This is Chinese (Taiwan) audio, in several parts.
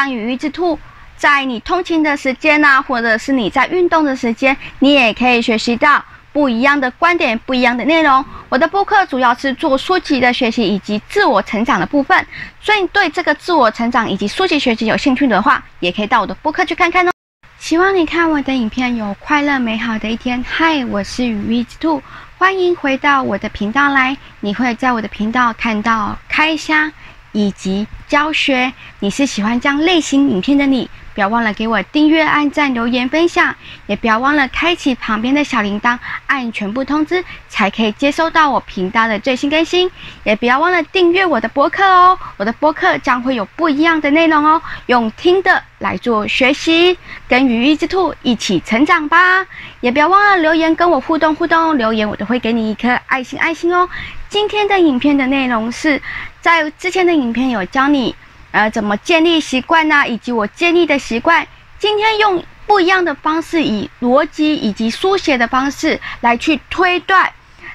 當羽翼之兔，在你通勤的時間啊，或者是你在運動的時間，你也可以學習到不一樣的觀點、不一樣的內容。我的播客主要是做書籍的學習以及自我成長的部分，所以對這個自我成長以及書籍學習有興趣的話，也可以到我的播客去看看哦。希望你看我的影片有快樂美好的一天。嗨，我是羽翼之兔，歡迎回到我的頻道來。你會在我的頻道看到開箱。以及教學，你是喜歡這樣類型影片的，你，不要忘了給我訂閱、按贊、留言、分享，也不要忘了開啟旁邊的小鈴鐺，按全部通知，才可以接收到我頻道的最新更新。也不要忘了訂閱我的播客哦，我的播客將會有不一樣的內容哦。用聽的來做學習，跟羽翼之兔一起成長吧。也不要忘了留言跟我互動互動，留言我都會給你一顆愛心愛心哦。今天的影片的內容是，在之前的影片有教你，呃，怎麼建立習慣吶、啊，以及我建立的習慣。今天用不一樣的方式，以邏輯以及書寫的方式來去推斷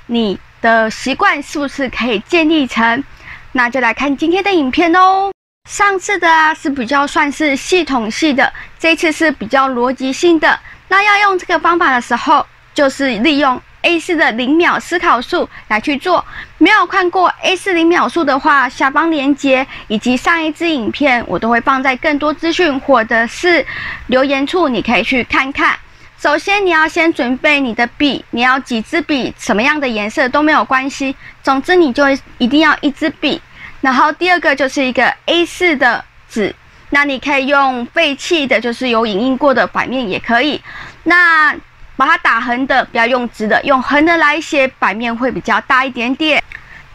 你的習慣是不是可以建立成。那就來看今天的影片哦。上次的啊是比較算是系統性的，這次是比較邏輯性的。那要用這個方法的時候，就是利用。A4 的零秒思考術來去做。沒有看過 A4 零秒術的話，下方鏈接以及上一支影片我都會放在更多資訊或者是留言處，你可以去看看。首先你要先準備你的筆，你要幾支筆，什麼樣的顏色都沒有關係，總之你就一定要一支筆。然後第二個就是一個 A4 的紙，那你可以用廢棄的，就是有影印過的反面也可以。那把它打橫的，不要用直的，用橫的來寫，版面會比較大一點點。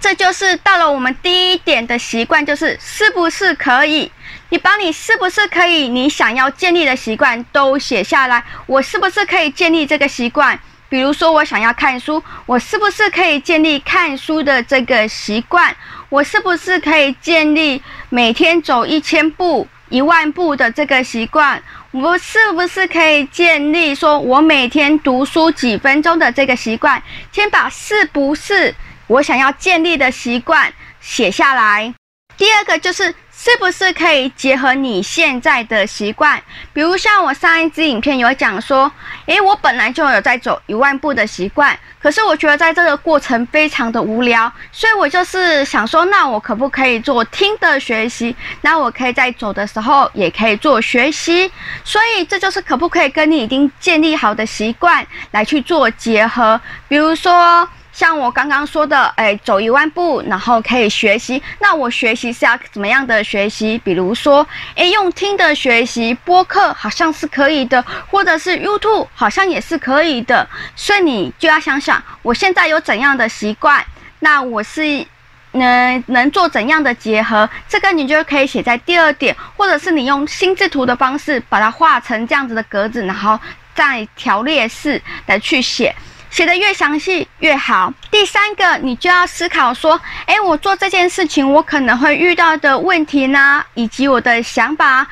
這就是到了我們第一點的習慣，就是是不是可以？你把你是不是可以你想要建立的習慣都寫下來。我是不是可以建立這個習慣？比如說我想要看書，我是不是可以建立看書的這個習慣？我是不是可以建立每天走一千步、一萬步的這個習慣？我是不是可以建立說，我每天讀書幾分鐘的這個習慣？先把是不是我想要建立的習慣寫下來。第二個就是。是不是可以結合你現在的習慣？比如像我上一支影片有講說，誒、欸，我本來就有在走一萬步的習慣，可是我覺得在這個過程非常的無聊，所以我就是想說，那我可不可以做聽的學習？那我可以在走的時候也可以做學習。所以這就是可不可以跟你已經建立好的習慣來去做結合，比如說。像我剛剛說的，哎、欸，走一萬步，然後可以學習。那我學習是要怎麼樣的學習？比如說，哎、欸，用聽的學習，播客好像是可以的，或者是 YouTube 好像也是可以的。所以你就要想想，我現在有怎樣的習慣？那我是，嗯，能做怎樣的結合？這個你就可以寫在第二點，或者是你用心智圖的方式把它畫成這樣子的格子，然後再條列式來去寫。寫得越詳細越好。第三個，你就要思考說，誒、欸，我做這件事情，我可能會遇到的問題呢，以及我的想法。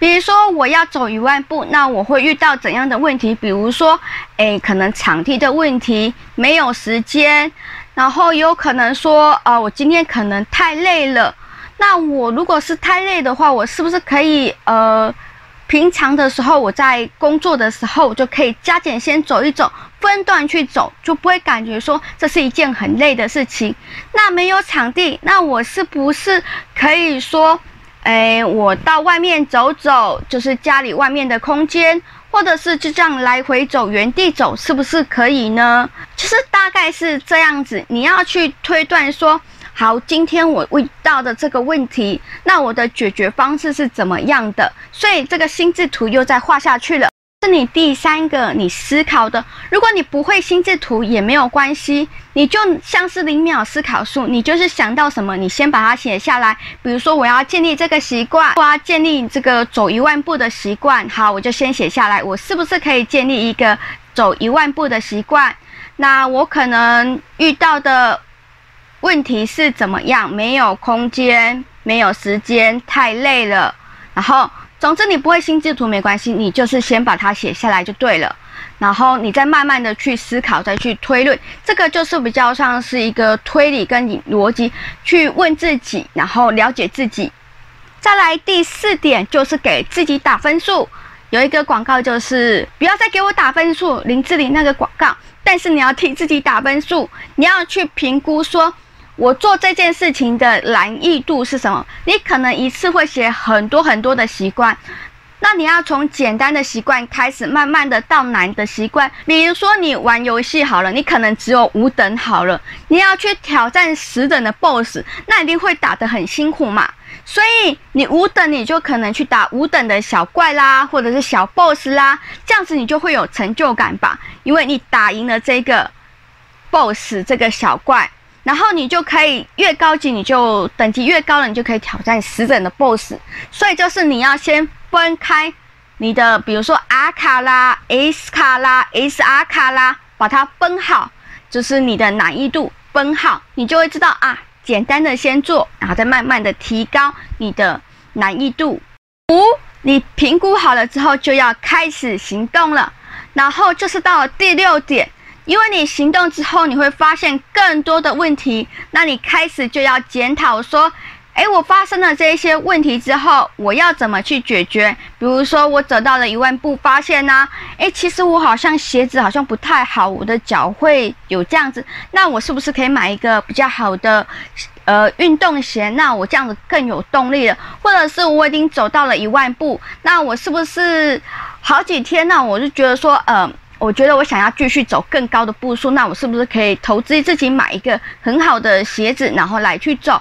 比如說，我要走一萬步，那我會遇到怎樣的問題？比如說，誒、欸，可能場地的問題，沒有時間，然後有可能說，呃，我今天可能太累了。那我如果是太累的話，我是不是可以，呃？平常的時候，我在工作的時候就可以加減，先走一走，分段去走，就不會感覺說這是一件很累的事情。那沒有場地，那我是不是可以說，欸，我到外面走走，就是家裡外面的空間，或者是就這樣來回走、原地走，是不是可以呢？其實大概是這樣子，你要去推斷說。好，今天我遇到的這個問題，那我的解決方式是怎麼樣的？所以這個心智圖又在畫下去了。是你第三個你思考的，如果你不會心智圖也沒有關係，你就像是零秒思考術，你就是想到什麼，你先把它寫下來。比如說我要建立這個習慣，我要建立這個走一萬步的習慣，好，我就先寫下來，我是不是可以建立一個走一萬步的習慣？那我可能遇到的。問題是怎麼樣？沒有空間，沒有時間，太累了。然後，總之你不會心智圖沒關係，你就是先把它寫下來就對了。然後你再慢慢的去思考，再去推論。這個就是比較像是一個推理跟邏輯去問自己，然後了解自己。再來第四點就是給自己打分數。有一個廣告就是不要再給我打分數，林志玲那個廣告。但是你要替自己打分數，你要去評估說。我做這件事情的難易度是什麼？你可能一次會寫很多很多的習慣，那你要從簡單的習慣開始，慢慢的到難的習慣。比如說你玩遊戲好了，你可能只有五等好了，你要去挑戰十等的 boss，那一定會打得很辛苦嘛。所以你五等你就可能去打五等的小怪啦，或者是小 boss 啦，這樣子你就會有成就感吧，因為你打贏了這個 boss 這個小怪。然後你就可以越高級，你就等級越高了，你就可以挑戰十等的 boss。所以就是你要先分開你的，比如說 R 卡啦、S 卡啦、SR 卡啦，把它分好，就是你的難易度分好，你就會知道啊，簡單的先做，然後再慢慢的提高你的難易度。五，你評估好了之後就要開始行動了，然後就是到了第六點。因為你行動之後，你會發現更多的問題。那你開始就要檢討說：哎，我發生了這一些問題之後，我要怎麼去解決？比如說，我走到了一萬步，發現呢、啊，哎，其實我好像鞋子好像不太好，我的腳會有這樣子。那我是不是可以買一個比較好的，呃，運動鞋？那我這樣子更有動力了。或者是我已經走到了一萬步，那我是不是好幾天呢、啊？我就覺得說，嗯、呃。我覺得我想要繼續走更高的步數，那我是不是可以投資自己買一個很好的鞋子，然後來去走？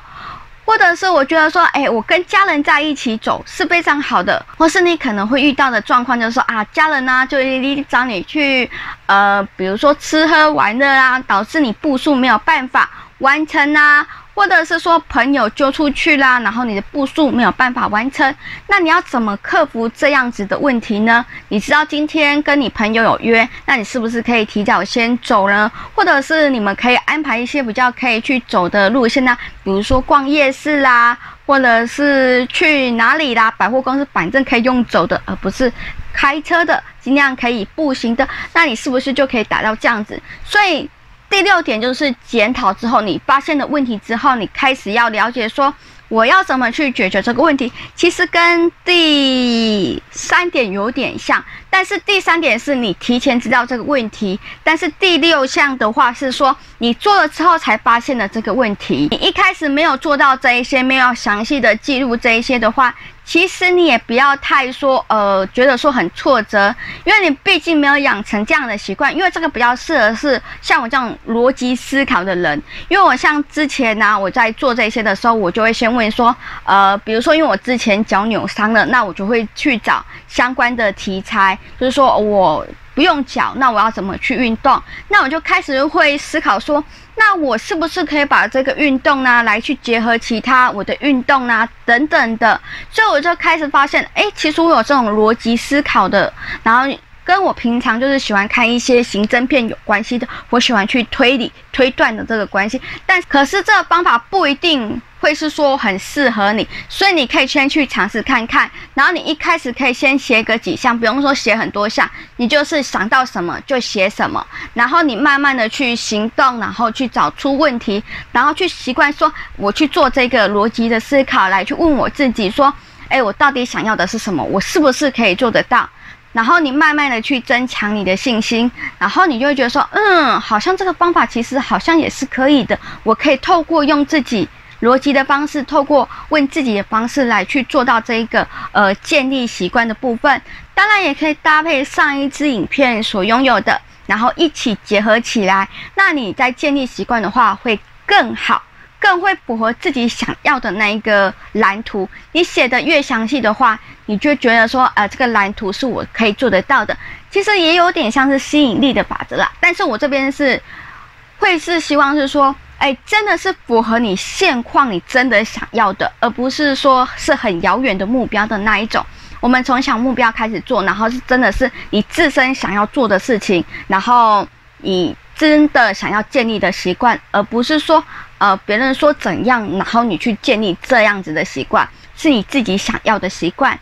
或者是我覺得說，哎，我跟家人在一起走是非常好的。或是你可能會遇到的狀況就是說啊，家人呢、啊、就一定找你去，呃，比如說吃喝玩樂啊，導致你步數沒有辦法完成啊。或者是說朋友揪出去啦，然後你的步數沒有辦法完成，那你要怎麼克服這樣子的問題呢？你知道今天跟你朋友有約，那你是不是可以提早先走呢？或者是你們可以安排一些比較可以去走的路線呢、啊？比如說逛夜市啦，或者是去哪裡啦？百貨公司反正可以用走的，而不是開車的，盡量可以步行的，那你是不是就可以達到這樣子？所以。第六點就是檢討之後，你發現了問題之後，你開始要了解說我要怎麼去解決這個問題。其實跟第三點有點像，但是第三點是你提前知道這個問題，但是第六項的話是說你做了之後才發現了這個問題。你一開始沒有做到這一些，沒有詳細的記錄這一些的話。其實你也不要太說，呃，覺得說很挫折，因為你畢竟沒有養成這樣的習慣，因為這個比較適合是像我這樣邏輯思考的人，因為我像之前呢、啊，我在做這些的時候，我就會先問說，呃，比如說，因為我之前腳扭傷了，那我就會去找相關的題材，就是說我。不用腳，那我要怎麼去運動？那我就開始會思考說，那我是不是可以把這個運動呢、啊，來去結合其他我的運動啊等等的。所以我就開始發現，哎、欸，其實我有這種邏輯思考的，然後。跟我平常就是喜歡看一些刑偵片有關係的，我喜歡去推理推斷的這個關係，但可是這個方法不一定會是說很適合你，所以你可以先去嘗試看看。然後你一開始可以先寫個幾項，不用說寫很多項，你就是想到什麼就寫什麼。然後你慢慢的去行動，然後去找出問題，然後去習慣說，我去做這個邏輯的思考來，去問我自己說，哎、欸，我到底想要的是什麼？我是不是可以做得到？然後你慢慢的去增強你的信心，然後你就會覺得說，嗯，好像這個方法其實好像也是可以的，我可以透過用自己邏輯的方式，透過問自己的方式來去做到這一個呃建立習慣的部分。當然也可以搭配上一支影片所擁有的，然後一起結合起來，那你在建立習慣的話會更好。更會符合自己想要的那一個藍圖。你寫的越詳細的話，你就覺得說，呃，這個藍圖是我可以做得到的。其實也有點像是吸引力的法則啦。但是我這邊是，會是希望是說，哎、欸，真的是符合你現況，你真的想要的，而不是說是很遙遠的目標的那一種。我們從小目標開始做，然後是真的是你自身想要做的事情，然後你真的想要建立的習慣，而不是說。呃，別人說怎樣，然後你去建立這樣子的習慣，是你自己想要的習慣。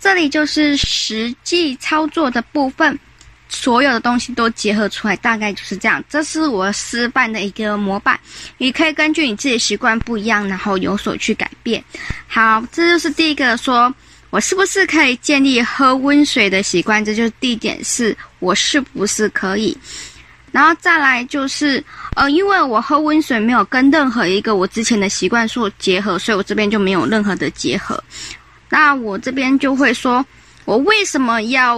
這裡就是實際操作的部分，所有的東西都結合出來，大概就是這樣。這是我示範的一個模板，你可以根據你自己的習慣不一樣，然後有所去改變。好，這就是第一個，說我是不是可以建立喝溫水的習慣？這就是第一點，是我是不是可以？然後再來就是，呃，因為我喝溫水沒有跟任何一個我之前的習慣所結合，所以我這邊就沒有任何的結合。那我這邊就會說，我為什麼要？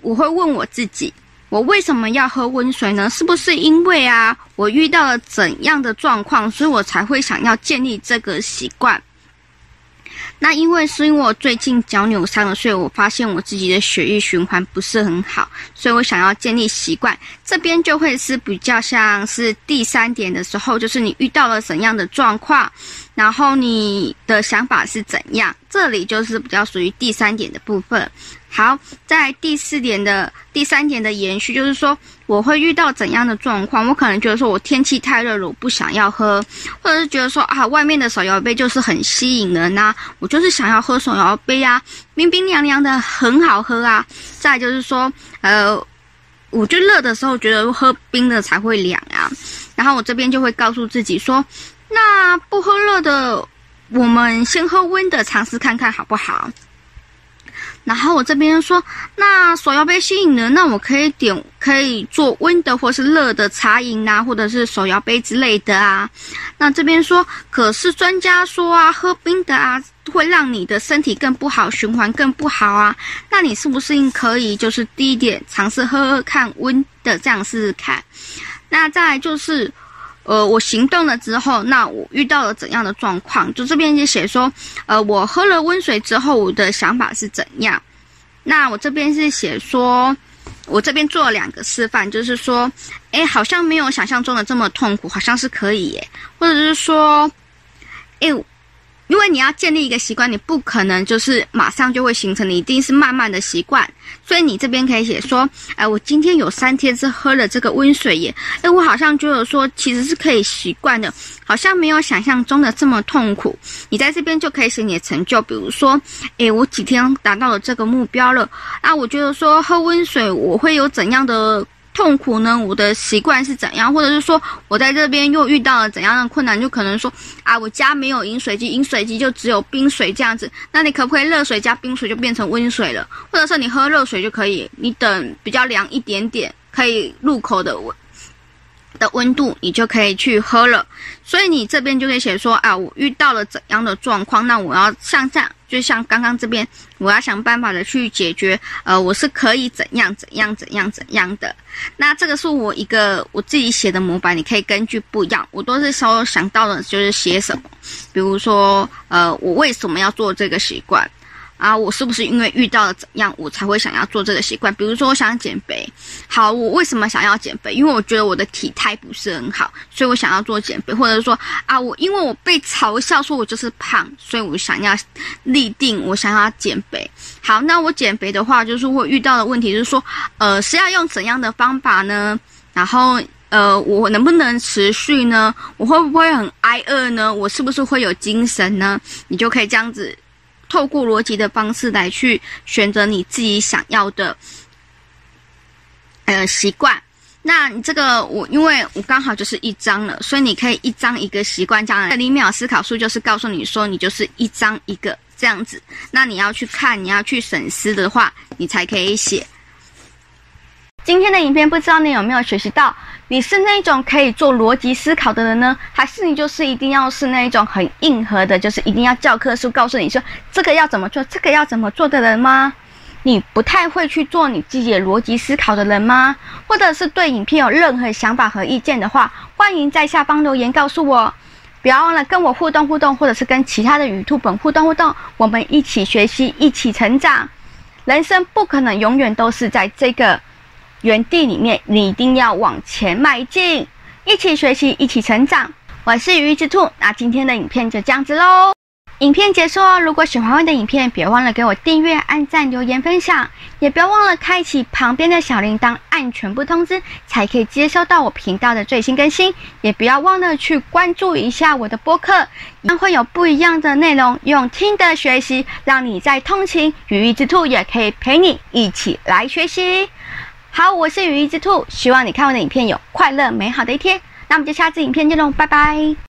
我會問我自己，我為什麼要喝溫水呢？是不是因為啊，我遇到了怎樣的狀況，所以我才會想要建立這個習慣？那因為是因為我最近腳扭傷了，所以我發現我自己的血液循環不是很好，所以我想要建立習慣。這邊就會是比較像是第三點的時候，就是你遇到了怎樣的狀況，然後你的想法是怎樣。這裡就是比較屬於第三點的部分。好，在第四點的第三點的延續，就是說我會遇到怎樣的狀況？我可能覺得說，我天氣太熱了，我不想要喝，或者是覺得說啊，外面的手搖杯就是很吸引人吶、啊，我就是想要喝手搖杯啊，冰冰涼涼的，很好喝啊。再就是說，呃，我就熱的時候覺得喝冰的才會涼啊，然後我這邊就會告訴自己說，那不喝熱的，我們先喝溫的嘗試看看好不好？然後我這邊說，那手搖杯吸引人。那我可以點，可以做溫的或是熱的茶飲吶、啊，或者是手搖杯之類的啊。那這邊說，可是專家說啊，喝冰的啊，會讓你的身體更不好，循環更不好啊。那你是不是可以，就是第一點嘗試喝喝看溫的，這樣試試看。那再來就是。呃，我行動了之後，那我遇到了怎樣的狀況？就這邊就寫說，呃，我喝了溫水之後，我的想法是怎樣？那我這邊是寫說，我這邊做了兩個示範，就是說，哎，好像沒有想象中的這麼痛苦，好像是可以誒，或者是說，哎。因為你要建立一個習慣，你不可能就是馬上就會形成，你一定是慢慢的習慣。所以你這邊可以寫說，哎，我今天有三天是喝了這個溫水耶，哎，我好像覺得說其實是可以習慣的，好像沒有想象中的這麼痛苦。你在這邊就可以寫你的成就，比如說，哎，我幾天達到了這個目標了，啊，我覺得說喝溫水我會有怎樣的。痛苦呢？我的習慣是怎樣，或者是說我在這邊又遇到了怎樣的困難，就可能說啊，我家沒有飲水機，飲水機就只有冰水這樣子。那你可不可以熱水加冰水就變成溫水了？或者是你喝熱水就可以，你等比較涼一點點，可以入口的的溫度，你就可以去喝了。所以你這邊就可以寫說啊，我遇到了怎樣的狀況，那我要像這樣，就像剛剛這邊，我要想辦法的去解決。呃，我是可以怎樣怎樣怎樣怎樣的。那這個是我一個我自己寫的模板，你可以根據不一樣，我都是說想到的，就是寫什麼。比如說，呃，我為什麼要做這個習慣？啊，我是不是因為遇到了怎樣，我才會想要做這個習慣？比如說，我想減肥。好，我為什麼想要減肥？因為我覺得我的體態不是很好，所以我想要做減肥。或者說，啊，我因為我被嘲笑說我就是胖，所以我想要立定，我想要減肥。好，那我減肥的話，就是會遇到的問題，就是說，呃，是要用怎樣的方法呢？然後，呃，我能不能持續呢？我會不會很挨餓呢？我是不是會有精神呢？你就可以這樣子。透過邏輯的方式來去選擇你自己想要的，呃，習慣。那你這個我，因為我剛好就是一張了，所以你可以一張一個習慣。這樣那《零秒思考術》就是告訴你說，你就是一張一個這樣子。那你要去看，你要去審視的話，你才可以寫。今天的影片，不知道你有沒有學習到？你是那一種可以做邏輯思考的人呢？還是你就是一定要是那一種很硬核的，就是一定要教科書告訴你說這個要怎麼做，這個要怎麼做的人嗎？你不太會去做你自己的邏輯思考的人嗎？或者是對影片有任何想法和意見的話，歡迎在下方留言告訴我。不要忘了跟我互動互動，或者是跟其他的羽兔本互動互動，我們一起學習，一起成長。人生不可能永遠都是在這個。原地裡面，你一定要往前邁進，一起學習，一起成長。我是羽翼之兔，那今天的影片就這樣子嘍。影片結束哦。如果喜歡我的影片，別忘了給我訂閱、按讚、留言、分享，也不要忘了開啟旁邊的小鈴鐺，按全部通知，才可以接收到我頻道的最新更新。也不要忘了去關注一下我的播客，一樣會有不一樣的內容。用聽的學習，讓你在通勤，羽翼之兔也可以陪你一起來學習。好，我是羽翼之兔，希望你看完的影片有快樂美好的一天。那我們就下次影片見囉，拜拜。